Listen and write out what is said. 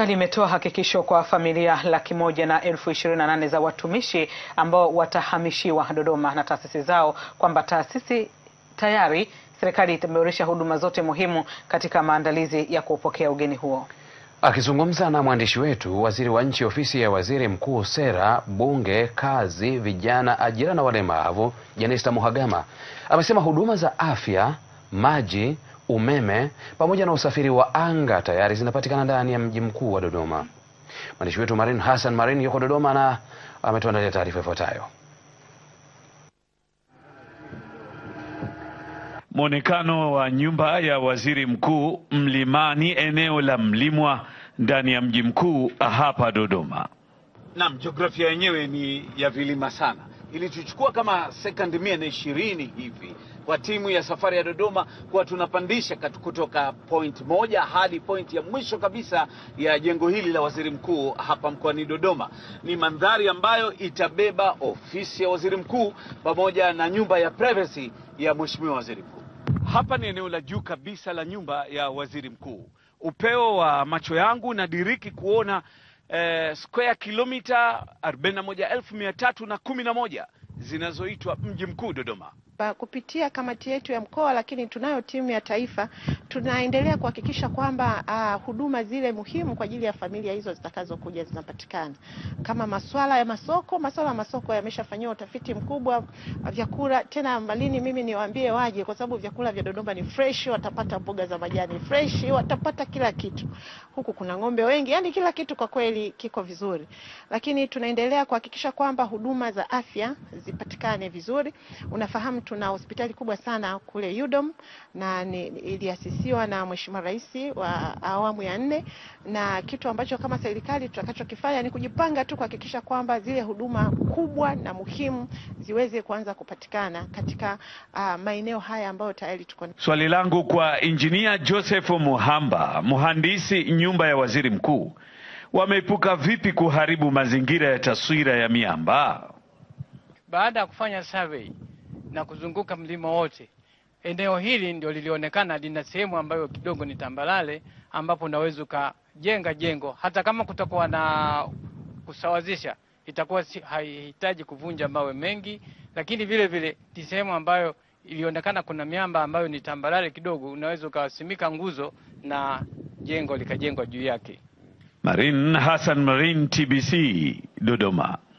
Serikali imetoa hakikisho kwa familia laki moja na elfu ishirini na nane za watumishi ambao watahamishiwa Dodoma na taasisi zao kwamba taasisi tayari serikali itaboresha huduma zote muhimu katika maandalizi ya kuupokea ugeni huo. Akizungumza na mwandishi wetu, waziri wa nchi ofisi ya waziri mkuu, sera, bunge, kazi, vijana, ajira na walemavu, janista Muhagama amesema huduma za afya, maji umeme pamoja na usafiri wa anga tayari zinapatikana ndani ya mji mkuu wa Dodoma. Mwandishi wetu Marin Hassan Marin yuko Dodoma na ametuandalia taarifa ifuatayo. Mwonekano wa nyumba ya waziri mkuu Mlimani, eneo la Mlimwa ndani ya mji mkuu hapa Dodoma. Naam, jiografia yenyewe ni ya vilima sana ilituchukua kama sekondi mia na ishirini hivi kwa timu ya Safari ya Dodoma kuwa tunapandisha kutoka point moja hadi point ya mwisho kabisa ya jengo hili la waziri mkuu hapa mkoani Dodoma. Ni mandhari ambayo itabeba ofisi ya waziri mkuu pamoja na nyumba ya privacy ya mheshimiwa waziri mkuu. Hapa ni eneo la juu kabisa la nyumba ya waziri mkuu. Upeo wa macho yangu nadiriki kuona eh, square kilomita 41311 zinazoitwa mji mkuu Dodoma hapa kupitia kamati yetu ya mkoa, lakini tunayo timu ya taifa, tunaendelea kuhakikisha kwamba uh, huduma zile muhimu kwa ajili ya familia hizo zitakazokuja zinapatikana, kama masuala ya masoko. Masuala ya masoko yameshafanyiwa utafiti mkubwa, vyakula tena malini. Mimi niwaambie waje, kwa sababu vyakula vya Dodoma ni fresh, watapata mboga za majani fresh, watapata kila kitu. Huku kuna ng'ombe wengi, yani kila kitu kwa kweli kiko vizuri, lakini tunaendelea kuhakikisha kwamba huduma za afya zipatikane vizuri. Unafahamu tuna hospitali kubwa sana kule UDOM na iliasisiwa na Mheshimiwa Rais wa awamu ya nne, na kitu ambacho kama serikali tutakachokifanya ni kujipanga tu kuhakikisha kwamba zile huduma kubwa na muhimu ziweze kuanza kupatikana katika uh, maeneo haya ambayo tayari tuko. Swali langu kwa Injinia Joseph Muhamba, mhandisi nyumba ya Waziri Mkuu, wameepuka vipi kuharibu mazingira ya taswira ya miamba baada ya kufanya survey na kuzunguka mlima wote. Eneo hili ndio lilionekana lina sehemu ambayo kidogo ni tambalale, ambapo unaweza ukajenga jengo hata kama kutakuwa na kusawazisha, itakuwa si, haihitaji kuvunja mawe mengi, lakini vile vile ni sehemu ambayo ilionekana kuna miamba ambayo ni tambalale kidogo, unaweza ukawasimika nguzo na jengo likajengwa juu yake. Marin Hassan, Marin, TBC, Dodoma.